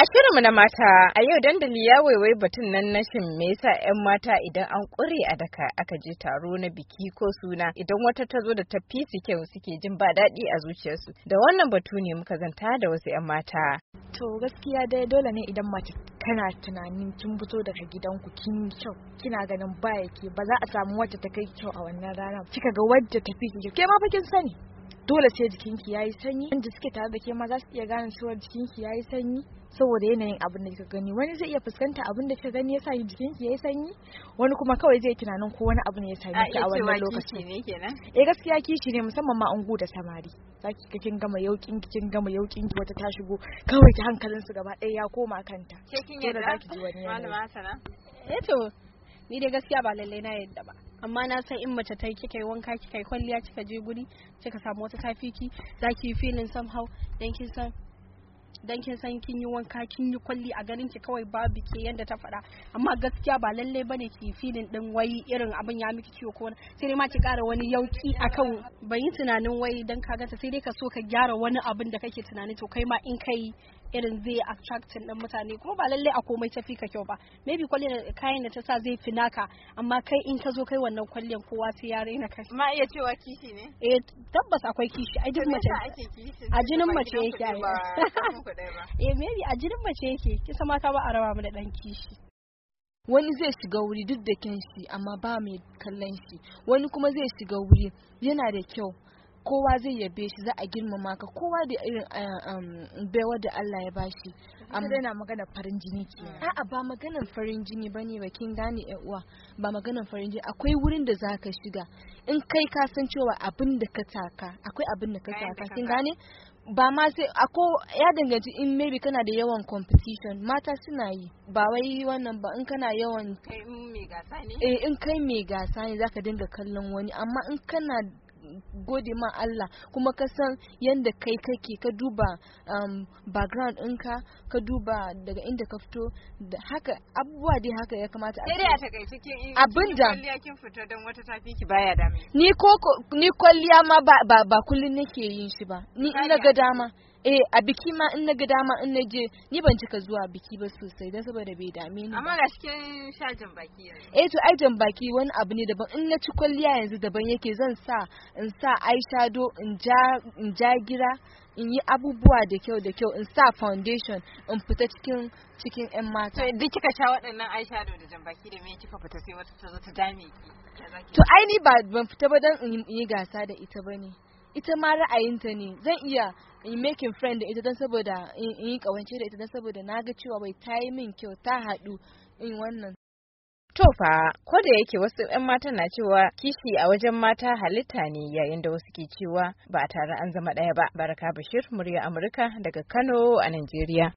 A shirinmu na mata a yau dandali ya waiwai batun nan na shin me yasa 'yan mata idan an ƙure a daka aka je taro na biki ko suna idan wata ta zo da ta fi kyau suke jin ba daɗi a zuciyarsu da wannan batu ne muka zanta da wasu 'yan mata. To gaskiya dai dole ne idan mace kana tunanin kin fito daga gidanku kin kyau kina ganin ba yake ba za a samu wacce ta kai kyau a wannan ranar kika ga wadda ta fi kyau ke ma fa kin sani dole sai jikinki ya yi sanyi wanda suke tare da ke ma za su iya gane cewa jikinki ya yi sanyi saboda yanayin abin da kika gani wani zai iya fuskanta abin da kika gani yasa jikinki ya yi sanyi wani kuma kawai zai tunanin ko wani abu ne ya same ki a wannan lokacin ne kenan eh gaskiya kishi ne musamman ma ungu da samari zaki ka kin gama yaukin kin gama yaukin ki wata ta shigo kawai ki hankalin su gaba ɗaya ya koma kanta ke kin yarda malama sana eh to ni dai gaskiya ba lalle na yadda ba amma na san in mace ta kika yi wanka kika yi kwalliya kika je guri kika samu wata tafiki ki yi filin somehow dan kin san dan kin san kin yi wanka kin yi kwalli a ganin ki kawai babu ke yanda ta faɗa amma gaskiya ba lalle bane ki filin din wai irin abin ya miki ciwo ko sai dai ma ki ƙara wani yauki akan ban yi tunanin wai dan ka ganta sai dai ka so ka gyara wani abin da kake tunani to kai ma in kai irin zai attracting din mutane kuma ba lalle a komai tafi ka kyau ba maybe kwalli kayan da ta sa zai fi naka amma kai in ka zo kai wannan kwallin kowa sai ya raina ka ma iya cewa kishi ne eh tabbas akwai kishi a jinin mace a jinin mace yake ku ɗaya ba eh maybe a jirin mace yake kisa mata ba a raba mu da ɗan kishi wani zai shiga wuri duk da kyan shi amma ba mai kallon shi wani kuma zai shiga wuri yana da kyau kowa zai yabe shi za a girmama ka kowa da irin eh, um, baiwa da Allah ya bashi amma yana magana farin jini ke a'a ba maganar farin jini bane ba kin gane yan uwa ba maganar farin jini akwai wurin da zaka shiga in kai ka san cewa abin da ka taka akwai abin da ka taka kin gane ba ma sai ako ya danganci in maybe kana da yawan competition mata suna yi ba wai wannan ba in kana yawan kai mai gasa ne eh in kai mai gasa ne zaka dinga kallon wani amma in kana gode ma Allah kuma ka san yadda kai kake ka duba um, background ɗinka ka duba daga inda ka fito da haka abubuwa dai haka ya kamata sai dai a takaice kin abin kin fito don wata tafi ki baya dame ni ko ni kwalliya ma ba ba, ba kullun nake yin shi ba ni ina ga dama eh a biki ma in na ga dama in na je ni ban cika zuwa biki ba sosai don saboda bai dame ni amma gaskiya sha jan baki eh to ai jan baki wani abu ne daban in na ci kwalliya yanzu daban yake zan sa in sa eyeshadow in ja in ja gira in yi abubuwa da kyau da kyau in sa foundation in fita cikin cikin yan mata to duk kika sha waɗannan eyeshadow da jan baki da me kika fita sai wata ta zo ta dame ki to ai ni ba ban fita ba dan in yi gasa da ita bane ita ma ra'ayinta ne zan iya in making friend da ita don saboda in yi kawance da ita don saboda na ga cewa bai ta yi min kyau ta haɗu in wannan To fa, ko da yake wasu 'yan mata na cewa kishi a wajen mata halitta ne yayin da wasu ke cewa ba tare an zama ɗaya ba. Baraka Bashir, murya Amurka daga Kano a Najeriya.